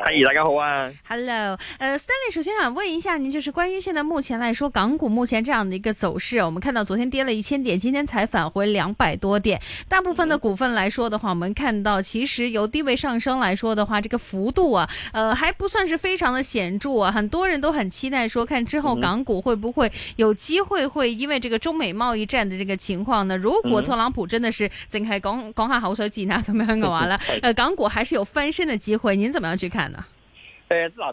嗨大家好啊，Hello，呃，Stanley，首先想問一下您，就是關於現在目前來說，港股目前這樣的一個走勢啊，我們看到昨天跌了一千點，今天才返回兩百多點，大部分的股份來說的話，我們看到其實由低位上升來說的話，這個幅度啊，呃，還不算是非常的顯著啊，很多人都很期待說，看之後港股會不會有機會會因為這個中美貿易戰的這個情況呢？如果特朗普真的是淨係講講下口水戰啊咁樣嘅話咧， 呃，港股還是有翻身的機會，您怎麼樣去看？誒，嗱，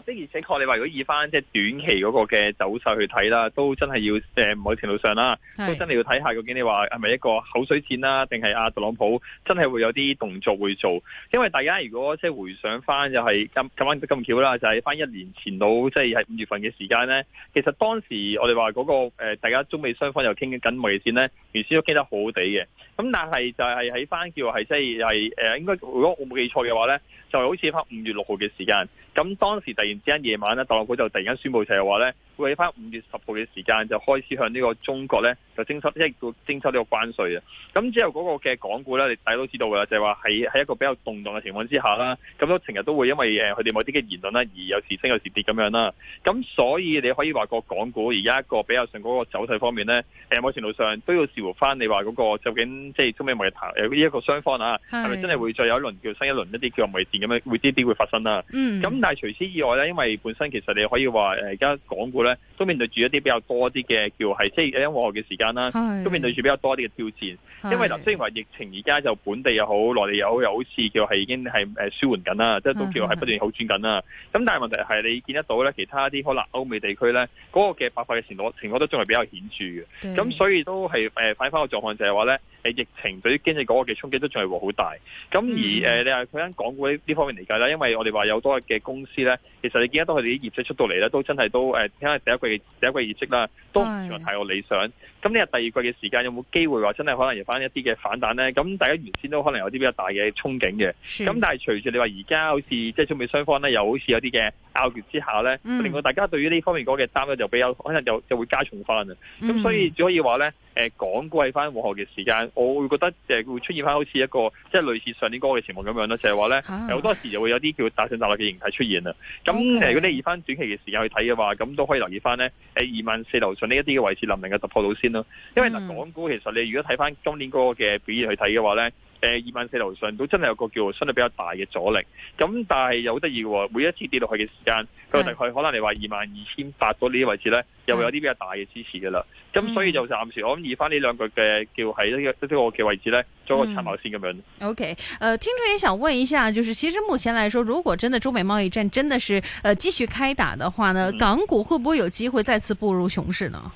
的而且確，你話如果以翻即係短期嗰個嘅走勢去睇啦，都真係要誒，某程度上啦，都真係要睇下究竟你話係咪一個口水戰啦，定係阿特朗普真係會有啲動作會做？因為大家如果即係回想翻、就是，又係咁咁啱咁巧啦，就喺、是、翻一年前到，即係係五月份嘅時間咧。其實當時我哋話嗰個誒，大家中美雙方又傾緊貿易戰咧，原先都傾得好好地嘅。咁但係就係喺翻叫係即係誒，應該如果我冇記錯嘅話咧。就好似喺五月六號嘅時間。咁當時突然之間夜晚咧，特朗普就突然間宣佈就係話咧，會喺翻五月十號嘅時間就開始向呢個中國咧就徵收，即係要徵收呢個關稅啊！咁之後嗰個嘅港股咧，你大家都知道㗎，就係話喺喺一個比較動盪嘅情況之下啦，咁都成日都會因為誒佢哋某啲嘅言論咧，而有時升有時跌咁樣啦。咁所以你可以話個港股而家一個比較上嗰個走勢方面咧，誒某程度上都要視乎翻你話嗰個究竟即係中美貿易談呢一個雙方啊，係咪真係會再有一輪叫新一輪一啲叫貿易戰咁樣會啲啲會發生啦？咁、嗯。但係除此之外咧，因為本身其實你可以話誒，而家港股咧都面對住一啲比較多啲嘅叫係即係喺外嘅時間啦，都面對住比較多啲嘅、就是、挑戰。因為嗱，雖然話疫情而家就本地又好，內地又好，又好似叫係已經係誒舒緩緊啦，即係都叫係不斷好轉緊啦。咁但係問題係你見得到咧，其他啲可能歐美地區咧嗰個嘅爆發嘅情況情況都仲係比較顯著嘅。咁所以都係誒反映翻個狀況就係話咧，誒疫情對於經濟嗰個嘅衝擊都仲係會好大。咁而誒、嗯呃、你話佢喺港股呢呢方面嚟計咧，因為我哋話有多嘅。公司咧，其實你見得多佢哋啲業績出到嚟咧，都真係都誒，睇、呃、下第一季第一季業績啦，都唔係太過理想。咁呢日第二季嘅時間有冇機會話真係可能有翻一啲嘅反彈咧？咁大家原先都可能有啲比較大嘅憧憬嘅，咁但係隨住你話而家好似即係中美雙方咧，又好似有啲嘅拗撬之下咧，令、嗯、到大家對於呢方面嗰嘅擔憂就比較可能就就會加重翻啊！咁、嗯、所以只可以話咧，誒，港股喺翻往後嘅時間，我會覺得誒會出現翻好似一個即係、就是、類似上年嗰個嘅情況咁樣咯，就係話咧好多時就會有啲叫大上大落嘅形態出現啊！咁誒，如果你以翻短期嘅時間去睇嘅話，咁都可以留意翻咧誒二萬四樓上呢一啲嘅位置能唔能夠突破到先。嗯、因為嗱，港股其實你如果睇翻今年嗰個嘅表現去睇嘅話咧，誒、呃，二萬四樓上都真係有個叫相對比較大嘅阻力。咁但係又好得意嘅，每一次跌落去嘅時間，佢、嗯、大概可能你話二萬二千八嗰啲位置咧、嗯，又會有啲比較大嘅支持噶啦。咁、嗯嗯、所以就暫時我諗以翻呢兩個嘅叫喺呢呢個嘅位置咧，做一個參考先咁樣。嗯、OK，誒、呃，聽眾也想問一下，就是其實目前來說，如果真的中美貿易戰真的是誒繼、呃、續開打嘅話呢，港股會不會有機會再次步入熊市呢？嗯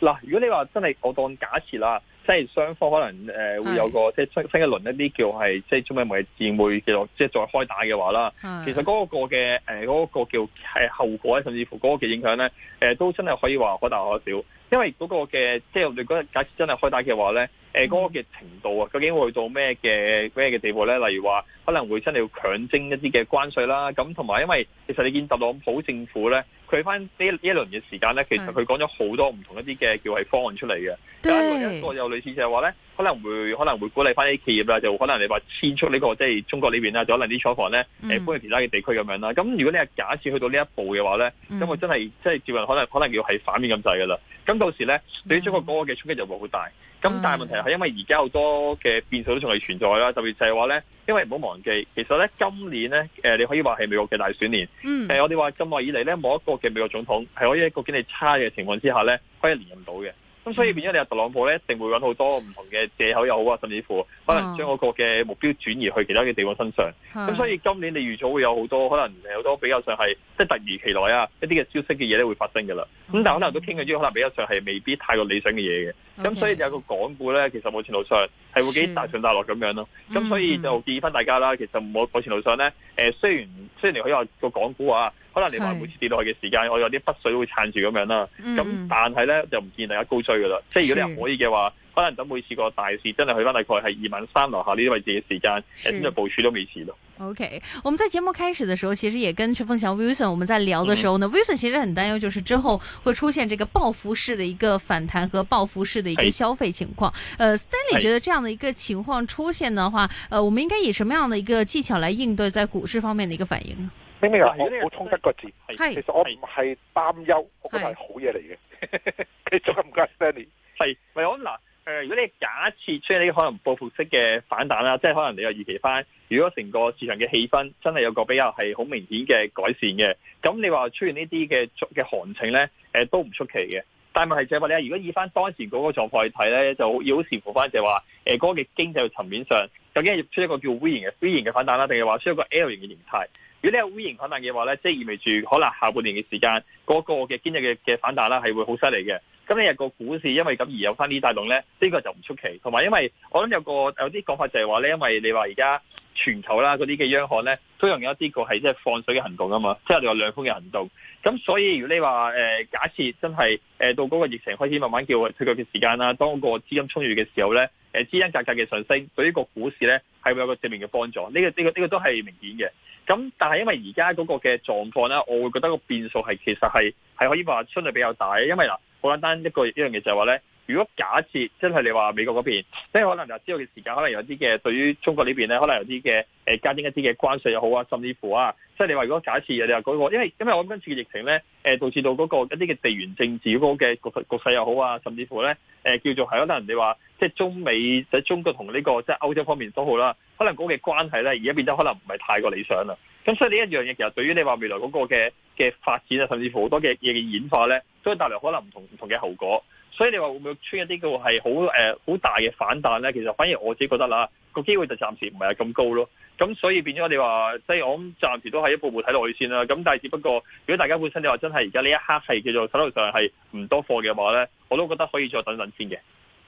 嗱，如果你話真係我當假設啦，即係雙方可能誒會有個即係新一輪一啲叫係即係中美貿易戰會即係再開打嘅話啦，其實嗰個嘅嗰、嗰個叫係後果，甚至乎嗰個嘅影響咧，都真係可以話可大可小，因為嗰個嘅即係你嗰日假設真係開打嘅話咧，嗰、嗰個嘅程度啊，究竟會去到咩嘅咩嘅地步咧？例如話可能會真係要強徵一啲嘅關稅啦，咁同埋因為其實你見特朗普政府咧。佢翻呢呢一輪嘅時間咧，其實佢講咗好多唔同一啲嘅叫係方案出嚟嘅。有一個有類似就係話咧，可能會可能會鼓勵翻啲企業啦，就可能你話遷出呢、這個即係、就是、中國呢邊啦，就可能啲廠房咧、嗯、搬去其他嘅地區咁樣啦。咁如果你係假設去到呢一步嘅話咧，咁我真係即係接近可能可能要喺反面咁滯噶啦。咁到時咧、嗯、對於中國嗰個嘅衝擊就會好大。咁、嗯、但問題係因為而家好多嘅變數都仲係存在啦，特別就係話咧，因為唔好忘記，其實咧今年咧，你可以話係美國嘅大選年，係、嗯、我哋話咁耐以嚟咧冇一個嘅美國總統係喺一個經濟差嘅情況之下咧，可以連任到嘅。咁所以變咗你阿特朗普咧一定會揾好多唔同嘅借口又好啊，甚至乎可能將嗰個嘅目標轉移去其他嘅地方身上。咁、uh -huh. 所以今年你預早會有好多可能有好多比較上係即係突如其來啊一啲嘅消息嘅嘢咧會發生㗎啦。咁、uh -huh. 但係可能都傾緊啲可能比較上係未必太過理想嘅嘢嘅。咁、okay. 所以有個港股咧其實冇前路上係會幾大上大落咁樣咯、啊。咁、uh -huh. 所以就建議翻大家啦，其實冇冇前路上咧。誒，雖然雖然佢話個港股啊，可能你話每次跌落去嘅時間，我有啲北水會撐住咁樣啦、啊。咁、嗯嗯、但係咧就唔見大家高追噶啦。即係如果你可以嘅話，可能等每次個大市真係去翻大概係二萬三樓下呢啲位置嘅時間，誒咁就部署都未遲咯。嗯嗯 OK，我們在節目開始的時候，其實也跟陳鳳翔 Wilson 我們在聊的時候呢、嗯、，Wilson 其實很擔憂，就是之後會出現這個報復式的一個反彈和報復式的一個消費情況。呃，Stanley 覺得這樣的一個情況出現的話，呃，我們應該以什麼樣的一個技巧來應對在股市方面的一個反應呢？明明啊，我補充得個字，其實我唔係擔憂，我覺得係好嘢嚟嘅，你最近唔 Stanley，係，喂，有啦。誒、呃，如果你假設出現啲可能報復式嘅反彈啦，即係可能你又預期翻，如果成個市場嘅氣氛真係有個比較係好明顯嘅改善嘅，咁你話出現這些呢啲嘅嘅行情咧，誒、呃、都唔出奇嘅。但係問題就係話你如果以翻當時嗰個狀況去睇咧，就要好視乎翻就係話，誒、呃、嗰、那個嘅經濟層面上究竟係出一個叫 V 型嘅 V 型嘅反彈啦，定係話出一個 L 型嘅形態？如果你有 V 型反彈嘅話咧，即係意味住可能下半年嘅時間嗰、那個嘅經濟嘅嘅反彈啦係會好犀利嘅。今日個股市，因為咁而有翻啲帶動咧，呢個就唔出奇。同埋因為我諗有個有啲講法就係話咧，因為你話而家全球啦嗰啲嘅央行咧，都有一啲個係即係放水嘅行動啊嘛，即係你話兩方嘅行動。咁所以如果你話假設真係到嗰個疫情開始慢慢叫退卻嘅時間啦，當個資金充裕嘅時候咧，誒、資金價格嘅上升對呢個股市咧係會有個正面嘅幫助。呢個呢個呢個都係明顯嘅。咁但係因為而家嗰個嘅狀況咧，我會覺得個變數係其實係係可以話相對比較大嘅，因為嗱。好簡單，一個一樣嘢就係話咧。如果假設，即係你話美國嗰邊，即係可能就知道嘅時間，可能有啲嘅對於中國這邊呢邊咧，可能有啲嘅誒加添一啲嘅關稅又好啊，甚至乎啊，即係你話如果假設你話嗰、那個，因為因為我諗今次嘅疫情咧，誒導致到嗰個一啲嘅地緣政治嗰個嘅局局勢又好啊，甚至乎咧誒、呃、叫做係可能你話即係中美就中國同呢、這個即係歐洲方面都好啦，可能嗰個關係咧而家變得可能唔係太過理想啦。咁所以呢一樣嘢其實對於你話未來嗰個嘅嘅發展啊，甚至乎好多嘅嘢嘅演化咧，都會帶嚟可能唔同唔同嘅後果。所以你話會唔會出一啲叫係好誒好大嘅反彈咧？其實反而我自己覺得啦，個機會就暫時唔係咁高咯。咁所以變咗你話，即係我諗暫時都係一步步睇落去先啦。咁但係只不過，如果大家本身你話真係而家呢一刻係叫做手頭上係唔多貨嘅話咧，我都覺得可以再等等先嘅。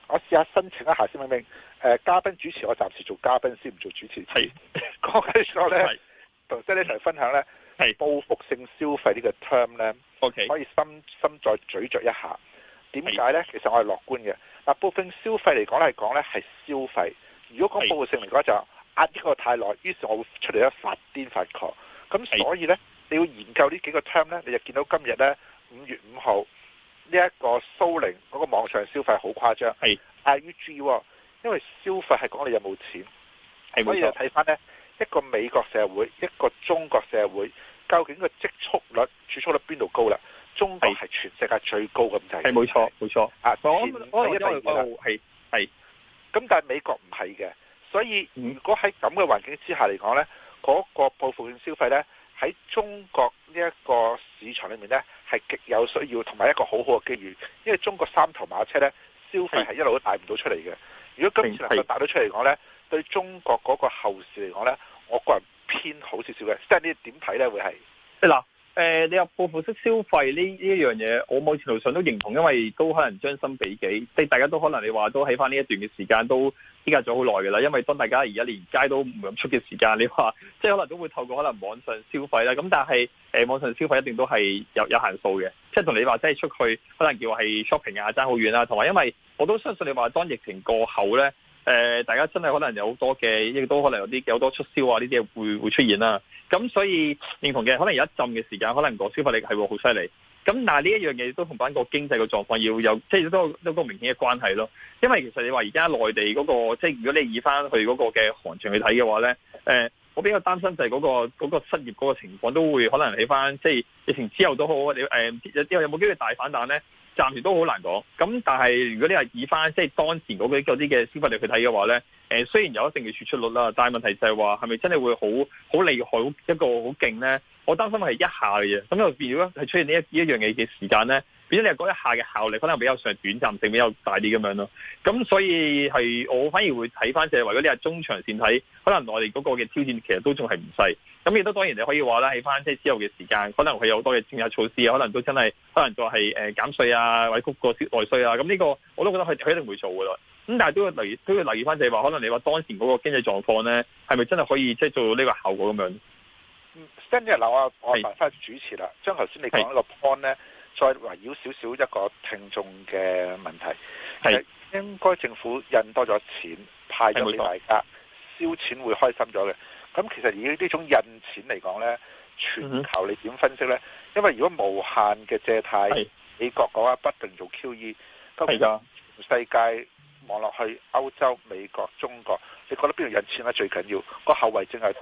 我試下申請一下先，明明，誒、呃，嘉賓主持我暫時做嘉賓先，唔做主持。係講緊所咧，同即係呢台分享咧，係報復性消費呢個 term 咧，OK，可以深深再咀嚼一下。點解呢？其實我係樂觀嘅。嗱，部分消費嚟講係講咧係消費。如果講報復性嚟講就壓呢個太耐，於是，係我會出嚟一發癲發狂。咁所以呢，你要研究呢幾個 term 呢，你就見到今日呢，五月五號呢一個蘇寧嗰個網上消費好誇張。係，但係要注意，因為消費係講你有冇錢。所以你睇翻，呢一個美國社會，一個中國社會，究竟個積蓄率、儲蓄率邊度高啦？中國係全世界最高咁滯，係冇、就是、錯冇錯。啊，我我係一定認啦，係咁、嗯嗯、但係美國唔係嘅。所以如果喺咁嘅環境之下嚟講呢嗰、那個報復性消費呢，喺中國呢一個市場裏面呢，係極有需要，同埋一個很好好嘅機遇。因為中國三頭馬車呢，消費係一路都帶唔到出嚟嘅。如果今次能夠帶到出嚟講呢，對中國嗰個後市嚟講呢，我個人偏好少少嘅。即係你點睇呢？會係誒、呃，你話報復式消費呢呢一樣嘢，我某程度上都認同，因為都可能將心比己，即係大家都可能你話都喺翻呢一段嘅時間都抑壓咗好耐嘅啦。因為當大家而家連街都唔敢出嘅時間，你話即係可能都會透過可能網上消費啦。咁但係、呃、網上消費一定都係有有限數嘅，即係同你話即係出去可能叫係 shopping 啊，爭好遠啦。同埋因為我都相信你話，當疫情過後咧、呃，大家真係可能有好多嘅亦都可能有啲好多促銷啊呢啲嘢會會出現啦、啊。咁所以認同嘅，可能有一浸嘅時間，可能個消費力係會好犀利。咁但係呢一樣嘢都同翻個經濟嘅狀況要有，即係都都個明顯嘅關係咯。因為其實你話而家內地嗰個，即係如果你以翻佢嗰個嘅行情去睇嘅話咧，誒、呃，我比較擔心就係嗰個嗰個失業嗰個情況都會可能起翻，即係疫情之後都好誒，之、呃、之後有冇機會大反彈咧？暫時都好難講，咁但係如果你係以翻即係當時嗰啲嘅消費力去睇嘅話咧，誒、雖然有一定嘅輸出率啦，但係問題就係話係咪真係會好好厲害，一個好勁咧？我擔心係一下嘅嘢，咁又變咗係出現呢一呢一樣嘢嘅時間咧，變咗你係嗰一下嘅效力可能比較上短暫性比較大啲咁樣咯。咁所以係我反而會睇翻即係如果你係中長線睇，可能我哋嗰個嘅挑戰其實都仲係唔細。咁亦都當然你可以話咧，起返即係之後嘅時間，可能佢有好多嘅政策措施，可能都真係可能再係誒減稅啊、谷過內需呀、啊。咁呢個我都覺得佢佢一定會做嘅喇。咁但係都要留意，都要留意返，就係話可能你話當時嗰個經濟狀況呢，係咪真係可以即係、就係、做到呢個效果咁樣？Stanley 嗯，今日留啊，我翻返去主持啦。將頭先你講嗰個 point 咧，再圍繞少少一個聽眾嘅問題。係應該政府印多咗錢派咗俾大家，燒錢會開心咗嘅。咁其實以呢種印錢嚟講呢，全球你點分析呢？因為如果無限嘅借貸，美國嗰一不停做 QE，咁世界望落去，歐洲、美國、中國，你覺得邊度印錢呢最緊要？個後遺症係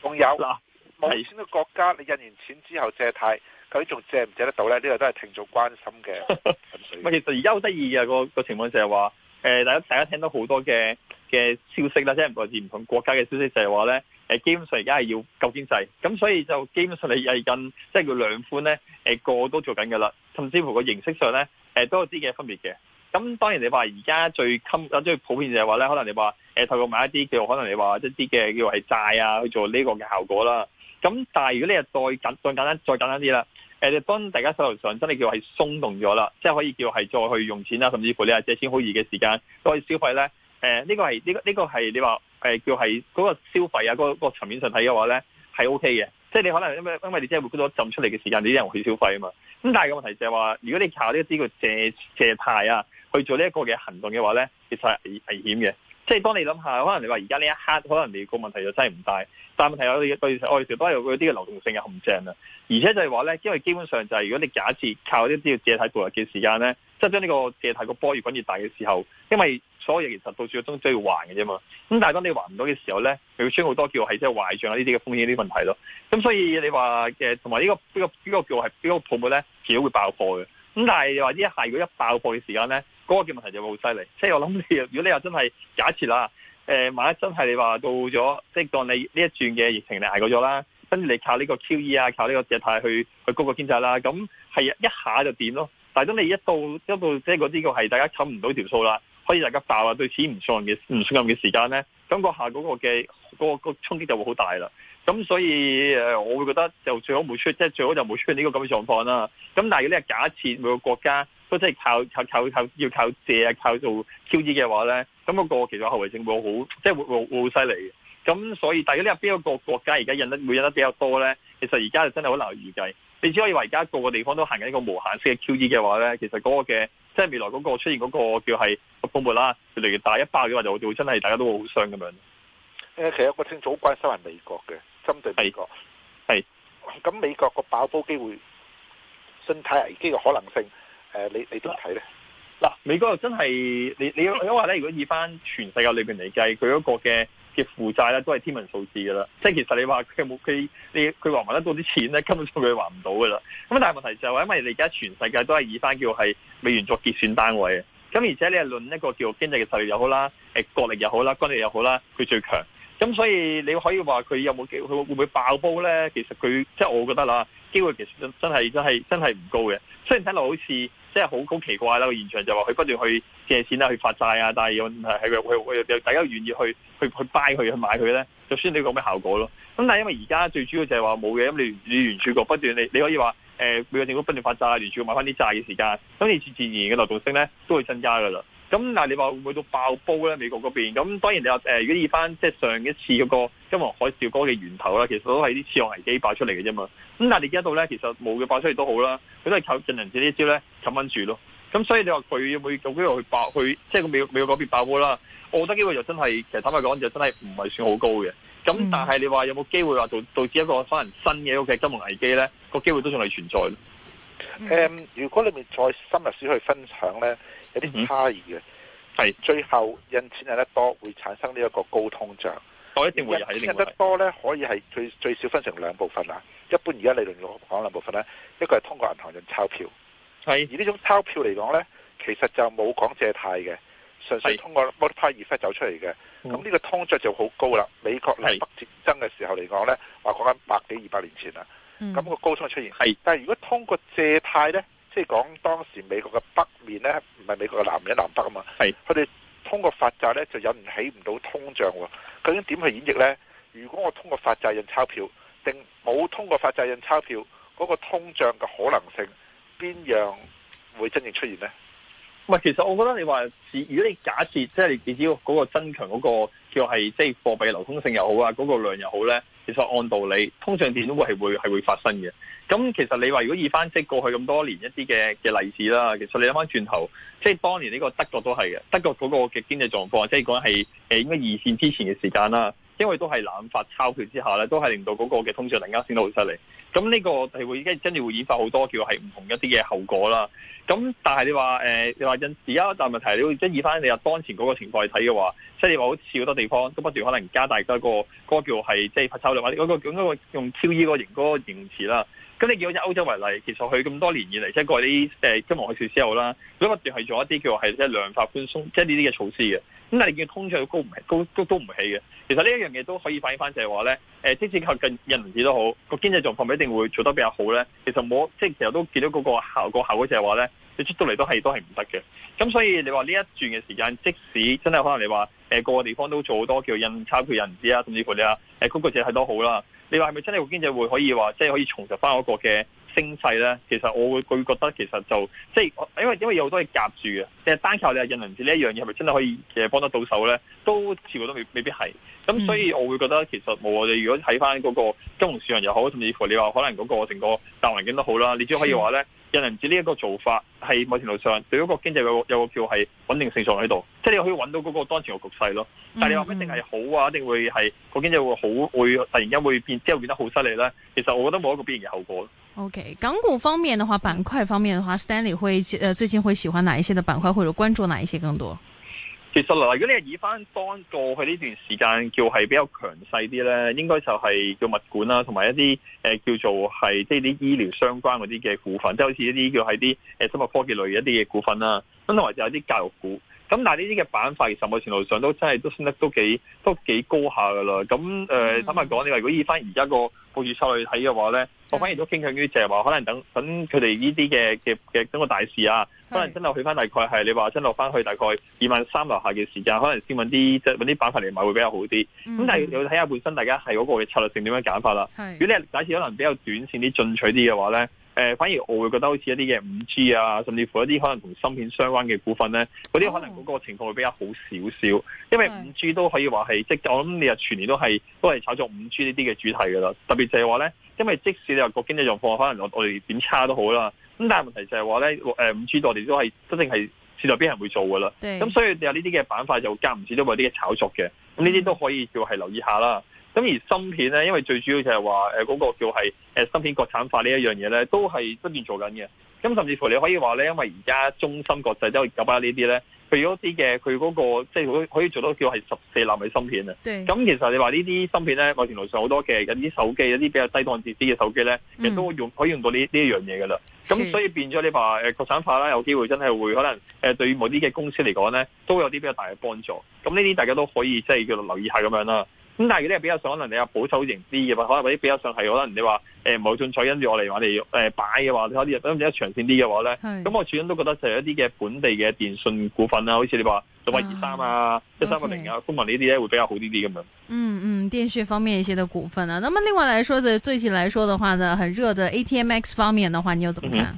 仲 有嗱，某啲嘅國家你印完錢之後借貸，佢仲借唔借得到呢？呢個都係停做關心嘅。 其實而家好得意嘅個情況就係話，誒，大家大家聽到好多嘅嘅消息啦，即係唔同國家嘅消息就說，就係話呢。誒，基本上而家係要救經濟，咁所以就基本上你係近，即、就、係、是、叫兩寬咧，誒個都做緊嘅啦，甚至乎個形式上咧，誒都有啲嘅分別嘅。咁當然你話而家最襟，即最普遍就係話咧，可能你話誒透過買一啲叫可能你話、就是、一啲嘅叫係債啊去做呢個嘅效果啦。咁但係如果你係再簡再簡單再簡單啲啦，誒當大家手頭上真係叫係鬆動咗啦，即係可以叫係再去用錢啦，甚至乎你係借錢好易嘅時間，都可以消費咧。誒、呃、呢、這個係呢、這個呢、這個係你話。誒、呃、叫係嗰個消費啊，嗰、嗰個嗰個層面上睇嘅話咧，係 O K 嘅，即係你可能因為因為你真係覺到浸出嚟嘅時間，你啲人去消費啊嘛。咁但係個問題就係話，如果你靠呢個資料借借貸啊去做呢一個嘅行動嘅話咧，其實係危，危險嘅。即係當你諗下，可能你話而家呢一刻，可能你個問題就真係唔大。但問題我哋都有啲，對住外都有嗰啲嘅流動性嘅陷阱啊！而且就係話咧，因為基本上就係如果你假設靠呢啲借貸過嚟嘅時間咧，即係將呢個借貸個波越滾越大嘅時候，因為所有嘢其實到處都都要還嘅啫嘛。咁但係當你還唔到嘅時候咧，又要出好多叫係即係壞賬啊呢啲嘅風險啲問題咯。咁所以你話嘅同埋呢個邊、呢個邊個叫係邊個泡沫咧，其實會爆破嘅。咁但係話呢一係如果一爆破嘅時間咧，嗰、嗰個嘅問題就會好犀利。即係我諗你，如果你話真係假設啦。誒、呃，萬一真係你話到咗，即係當你呢一轉嘅疫情你捱過咗啦，跟住你靠呢個 QE 啊，靠呢個借貸去去谷個經濟啦，咁係一下就變咯。但係當你一到一到即係嗰啲個係大家冚唔到條數啦，可以大家爆啊對錢唔信任嘅唔信任嘅時間咧，咁、那個下嗰個嘅嗰、那個衝擊就會好大啦。咁所以誒，我會覺得就最好冇出，即、就、係、是、最好就冇出現呢個咁嘅狀況啦。咁但係呢個假設每個國家。都即係靠靠靠靠要靠借靠做 QE 嘅話咧，咁、那個個其實後遺症會好，即係會會好犀利嘅。咁所以大家呢入邊一個國家而家印得會印得比較多咧？其實而家係真係好難去預計。你只可以話而家個個地方都行緊一個無限式嘅 QE 嘅話咧，其實嗰個嘅即係未來嗰個出現嗰個叫係泡沫啦，越嚟越大，一爆嘅話就就會真係大家都會好傷咁樣。誒，其實我清楚，好關心係美國嘅，針對美國係。咁美國個爆煲機會、信貸危機嘅可能性。誒，你你點睇咧？嗱，美國又真係你你話咧，如果以翻全世界裏邊嚟計，佢嗰個嘅嘅負債咧都係天文數字噶啦，即係其實你話佢有冇佢你佢還得到啲錢咧，根本上佢還唔到噶啦。咁但係問題就係因為你而家全世界都係以翻叫係美元作結算單位嘅，咁而且你係論一個叫做經濟嘅實力又好啦，誒，國力又好啦，軍力又好啦，佢最強。咁所以你可以話佢有冇機會會唔會爆煲咧？其實佢即係我覺得啦。機會其實真真係真係真係唔高嘅，雖然睇落好似即係好好奇怪啦，個現象就話佢不斷去借錢啊，去發債啊，但係問題係佢佢佢大家願意去去去 buy 佢去買佢咧，就算你個咩效果咯。咁但係因為而家最主要就係話冇嘅，咁你你聯儲局不斷你你可以話誒，每、呃、個政府不斷發債，聯儲局買翻啲債嘅時間，咁你自自然嘅流動性咧都會增加㗎啦。咁但係，你話會唔會到爆煲咧？美國嗰邊咁，當然你話誒、呃，如果以翻即係上一次嗰個金融海嘯嗰個嘅源頭啦，其實都係啲次按危機爆出嚟嘅啫嘛。咁但你記得到咧，其實冇嘅爆出嚟都好啦，佢都係靠盡人事呢招咧，冚穩住咯。咁所以你話佢會有機會去爆，去即係個美國美國嗰邊爆煲啦？我覺得機會就真係，其實坦白講就真係唔係算好高嘅。咁但係你話有冇機會話導導致一個可能新嘅一個金融危機咧？個機會都仲係存在咯。誒、嗯，如果你咪再深入少去分享咧？有啲差異嘅，係、嗯、最後印錢印得多會產生呢一個高通脹。我一定會印錢印得多咧，可以係最最少分成兩部分啊。一般而家理論講兩部分咧，一個係通過銀行印鈔票，係而呢種鈔票嚟講咧，其實就冇講借貸嘅，純粹通過 multiplier effect 走出嚟嘅。咁呢個通脹就好高啦。美國南北戰爭嘅時候嚟講咧，話講緊百幾二百年前啦，咁、嗯那個高通出現。係但係如果通過借貸咧？即係講當時美國嘅北面呢，唔係美國嘅南面，南北啊嘛。係，佢哋通過發債呢，就引起唔到通脹喎。究竟點去演繹呢？如果我通過發債印鈔票，定冇通過發債印鈔票，嗰個通脹嘅可能性邊樣會真正出現呢？唔係，其實我覺得你話，如果你假設即係你知嗰個增強嗰個。叫係即係貨幣流通性又好啊，嗰個量又好咧，其實按道理，通脹點都會係會係會發生嘅。咁其實你話如果以翻即係過去咁多年一啲嘅嘅例子啦，其實你諗翻轉頭，即係當年呢個德國都係嘅，德國嗰個嘅經濟狀況，即係講係誒應該二線之前嘅時間啦。因為都係濫發抄票之下咧，都係令到嗰個嘅通脹突然間升得好犀利。咁呢個係會跟住真係會引發好多叫係唔同一啲嘅後果啦。咁但係你話誒、呃，你話因而家一陣問題，你即係、就是、以翻你話當前嗰個情況去睇嘅話，即係你話好似好多地方都不斷可能加大而家、那個嗰、那個叫係即係發抄量或者嗰個叫嗰個用 QE 嗰個形嗰、那個形容詞啦。咁你見到以歐洲為例，其實佢咁多年以嚟，即係過啲誒金融海嘯之後啦，佢不斷係做一啲叫係即係量化寬鬆，即係呢啲嘅措施嘅。咁你見通脹高唔起，高都唔起嘅。其實呢一樣嘢都可以反映翻，就係話咧，即使靠近印銀紙都好，個經濟狀況唔一定會做得比較好咧。其實冇，即係成日都見到嗰、嗰個嗰個效、嗰個效果就係話咧，你出到嚟都係都係唔得嘅。咁所以你話呢一轉嘅時間，即使真係可能你話個個地方都做好多叫印超額印銀紙啊，甚至乎你啊嗰、嗰個局係都好啦。你話係咪真係個經濟會可以話即係可以重拾翻嗰個嘅？升勢咧，其實我會覺得其實就即係，因為因為有好多嘢夾住嘅，即係單靠你印銀紙呢一樣嘢係咪真係可以誒幫得到手咧？都似乎都未未必係。咁所以我會覺得其實冇，我哋如果睇翻嗰個金融市場又好，甚至乎你話可能嗰個成個大環境都好啦，你只可以話咧，印銀紙呢一個做法係某程度上對嗰個經濟有個有個叫係穩定性上喺度，即係你可以揾到嗰個當前嘅局勢咯。但係你話一定係好啊？一定會係個經濟會好，會突然間會變之後變得好犀利咧？其實我覺得冇一個必然嘅後果。O.K. 港股方面的話，板塊方面的話，Stanley 會，誒、呃、最近會喜歡哪一些的板塊，或者關注哪一些更多？其實如果你係，以翻當過去呢段時間叫係比較強勢啲咧，應該就係叫物管啦，同埋一啲誒、呃、叫做係即係啲醫療相關嗰啲嘅股份，即係好似一啲叫係啲誒生物科技類一啲嘅股份啦，咁至或就有啲教育股。咁但呢啲嘅板塊其實某程度上都真係都升得都幾都幾高下㗎啦。咁誒、呃嗯，坦白講，你話如果以翻而家個部署策略去睇嘅話咧，我反而都傾向於就係話，可能等等佢哋呢啲嘅嘅嘅整個大市啊，可能真係去翻大概係你話真落翻去大概二萬三樓下嘅時間，可能先搵啲即係搵啲板塊嚟買會比較好啲。咁、嗯、但係要睇下本身大家係嗰個嘅策略性點樣揀法啦。如果你係假設可能比較短線啲進取啲嘅話咧。誒，反而我會覺得好似一啲嘅五 G 啊，甚至乎一啲可能同芯片相關嘅股份咧，嗰啲可能嗰個情況會比較好少少，oh. 因為五 G 都可以話係即我諗你係全年都係都係炒作五 G 呢啲嘅主題噶啦。特別就係話咧，因為即使你話個經濟狀況可能我我哋點差都好啦，咁但係問題就係話咧誒五 G 我哋都係真正係市場邊人會做噶啦，咁所以有呢啲嘅板塊就間唔時都有啲嘅炒作嘅，咁呢啲都可以叫係留意下啦。咁而芯片咧，因為最主要就係話誒嗰個叫係誒芯片國產化呢一樣嘢咧，都係不斷做緊嘅。咁甚至乎你可以話咧，因為而家中芯國際都有擺呢啲咧，佢嗰啲嘅佢嗰個即係可可以做到叫係十四納米芯片啊。咁其實你話呢啲芯片咧，某程度上好多嘅，有啲手機，有啲比較低檔次啲嘅手機咧，亦都用、嗯、可以用到呢呢一樣嘢噶啦。咁所以變咗你話誒國產化啦，有機會真係會可能對於某啲嘅公司嚟講咧，都有啲比較大嘅幫助。咁呢啲大家都可以即係、就是、叫留意下咁樣啦。咁、嗯、但係嗰啲比較上可，可能你有保守型啲嘅話，可能或者比較上係可能你話誒冇進取，因住我哋話我哋誒擺嘅話，可能啲，或者長線啲嘅話咧，咁我始終都覺得就係一啲嘅本地嘅電信股份啦，好似你話就百二三啊、一三八零啊、啊 okay. 公雲呢啲咧，會比較好啲啲咁樣。嗯嗯，電信方面一啲嘅股份啊。咁另外嚟講，就最近嚟講嘅話呢，很熱嘅 ATMX 方面嘅話，你又點睇？啊、嗯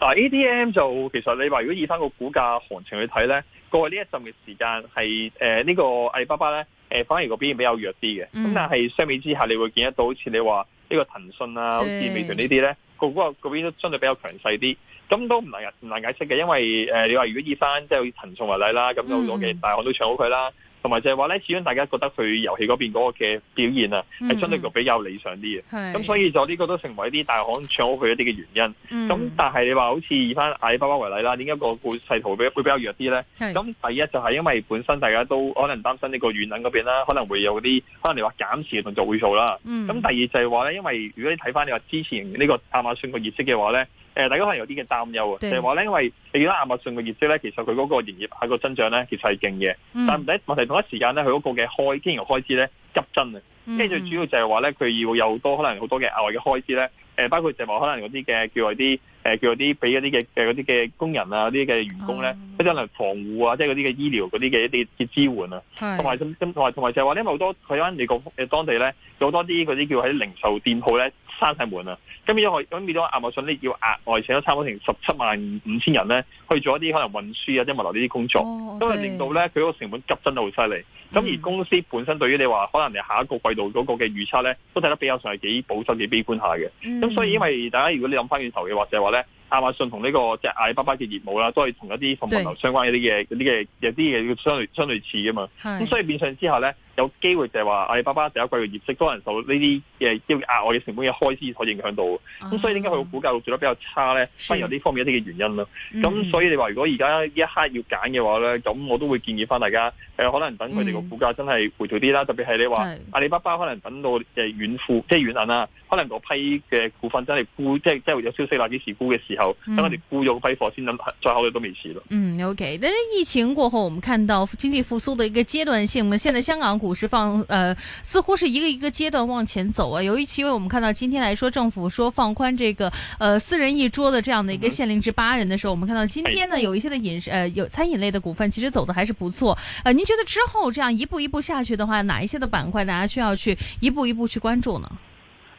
嗯、ATM 就其實你話如果以翻個股價行情去睇咧，過去呢一陣嘅時間係誒呢個阿里巴巴咧。誒反而嗰邊比較弱啲嘅，咁、嗯、但係相比之下，你會見得到好似你話呢、呢個騰訊啊，好似美團呢啲咧，個個個邊都相對比較強勢啲，咁都唔難唔難解釋嘅，因為誒、呃、你話如果以返即係以騰訊為例啦，咁、就、好、是、多嘅大行都唱好佢啦。嗯同埋就係話咧，始終大家覺得佢遊戲嗰邊嗰個嘅表現啊，係相對上比較理想啲嘅。咁、嗯、所以就呢個都成為一啲大行搶佢一啲嘅原因。咁、嗯、但係你話好似以翻阿里巴巴為例啦，點解個股勢圖比會比較弱啲咧？咁第一就係因為本身大家都可能擔心呢個軟銀嗰邊啦，可能會有啲可能你話減持嘅動作會做啦。咁、嗯、第二就係話咧，因為如果你睇翻你話之前呢個亞馬遜個業績嘅話咧。誒，大家可能有啲嘅擔憂啊，就係話咧，因為而家亞馬遜嘅業績咧，其實佢嗰個營業喺個增長咧，其實係勁嘅，但係問題同一時間咧，佢嗰個嘅開經營開支咧急增啊，跟、嗯、住、嗯、最主要就係話咧，佢要有多可能好多嘅額外嘅開支咧，誒，包括就話可能嗰啲嘅叫係啲。誒、呃、叫啲俾嗰啲嘅誒嗰啲嘅工人啊，啲嘅員工咧，即係可能防護啊，即係嗰啲嘅醫療嗰啲嘅一啲嘅支援啊，同埋咁同埋同埋就係話因為好多佢喺你個當地咧有多啲嗰啲叫喺零售店鋪咧閂晒門啊，咁變咗變咗亞馬遜咧要額外請咗差唔多成十七萬五千人咧去做一啲可能運輸啊、即物流呢啲工作，咁、oh, 啊、okay. 令到咧佢個成本急增到好犀利。咁、uh, 而公司本身對於你話可能你下一個季度嗰個嘅預測咧，都睇得比較上係幾保守、幾悲觀下嘅。咁、uh, uh, 所以因為大家如果你諗翻轉頭嘅話，就係話。亞馬遜同呢個即係阿里巴巴嘅業務啦，都係同一啲服務流相關的一啲嘅。嗰啲嘅有啲嘢要相對相對似噶嘛，咁所以變相之下咧。有機會就係話阿里巴巴第一季嘅業績，都可能受呢啲嘅因為額外嘅成本嘅開支所影響到。咁、啊、所以點解佢個股價會做得比較差咧？都係有呢方面一啲嘅原因咯。咁、嗯、所以你話如果而家一刻要揀嘅話咧，咁我都會建議翻大家誒、呃，可能等佢哋個股價真係回吐啲啦、嗯。特別係你話阿里巴巴可能等到誒軟庫即係軟銀啦、啊，可能個批嘅股份真係沽，即係即係有消息話幾時沽嘅時候，等我哋沽咗批貨先，諗再考慮都未遲啦。嗯，OK。但係疫情過後，我們看到經濟復甦嘅一個階段性。咁啊，現在香港股。五十放呃，似乎是一個一個階段往前走啊。尤其為我們看到今天來說，政府說放寬這個呃四人一桌的這樣的一個限令至八人的時候，我們看到今天呢，有一些的飲食呃有餐飲類的股份其實走的還是不錯。呃，您覺得之後這樣一步一步下去的話，哪一些的板塊大家需要去一步一步去關注呢？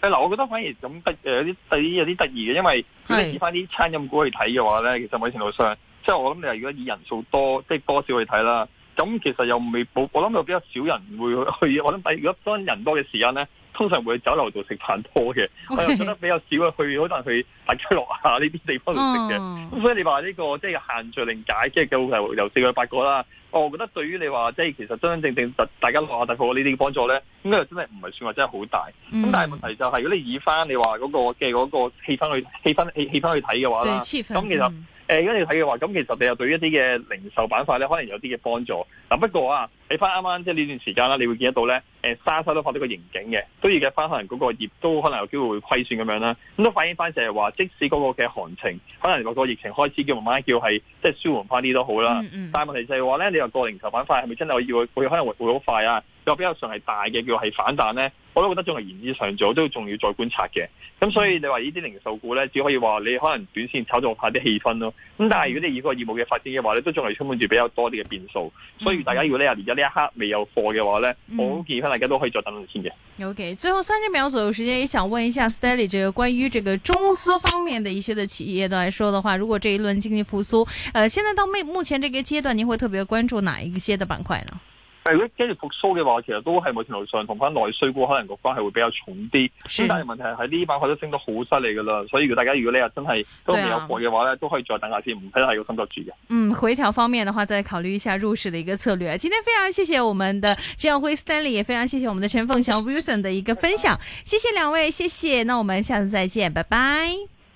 誒，嗱，我覺得反而咁得誒有啲有啲有啲得意嘅，因為如你以翻啲餐飲股去睇嘅話呢，其實某程度上即係我諗你話如果以人數多即係多少去睇啦。咁其實又未，我我諗又比較少人會去。我諗，但如果當人多嘅時間咧，通常會去酒樓度食飯多嘅，okay. 我又覺得比較少去，去可能去大家樂啊呢啲地方度食嘅。咁、uh, 所以你話呢、這個即係、就是、限聚令解，即係有四個八個啦。我覺得對於你話即係其實真真正正大家樂啊、大埔呢啲幫助咧，應該就真係唔係算話真係好大。咁、嗯、但係問題就係、是、如果你以翻你話嗰、那個嘅嗰、那個氣氛去氣氛氣氣氛去睇嘅話啦，咁其實誒、嗯呃，如果你睇嘅話，咁其實你又對於一啲嘅零售板塊咧，可能有啲嘅幫助。嗱不過啊，睇翻啱啱即係呢段時間啦，你會見得到咧。誒、啊、莎莎都發咗個盈警嘅，都預計翻可能嗰個業都可能有機會會虧損咁樣啦，咁都反映翻就係話，即使嗰個嘅行情，可能嗰個疫情開始叫慢慢叫係即係舒緩翻啲都好啦，嗯嗯，但係問題就係話咧，你話個零售板塊係咪真係要會可能會好快啊？有比較上係大嘅叫係反彈咧，我都覺得仲係言之尚早，都仲要再觀察嘅。咁所以你話呢啲零售股咧，只可以話你可能短線炒作下啲氣氛咯。咁但係如果你以個業務嘅發展嘅話，咧都仲係充滿住比較多啲嘅變數。所以大家如果呢咧而家呢一刻未有貨嘅話咧、嗯，我建議翻大家都可以再等先嘅。OK，最後三十秒左右時間，也想問一下 Staley 這個關於這個中資方面的一些嘅企業嚟説的話，如果這一輪經濟復甦，呃，現在到未目前這個階段，您會特別關注哪一些的板塊呢？誒，如果跟住復甦嘅話，其實都係某程度上同翻內需股可能個關係會比較重啲。但係問題係喺呢班，佢都升得好犀利噶啦，所以如果大家如果你係真係都未有貨嘅話咧、啊，都可以再等下先，唔係都係要心多住意。嗯，回調方面嘅話，再考慮一下入市嘅一個策略。今天非常謝謝我們的植耀輝 Stanley，也非常謝謝我們的陳鳳祥 Wilson、嗯、的一個分享。謝謝兩位，謝謝。那我們下次再見，拜拜。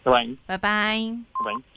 拜拜，拜拜。拜拜拜拜。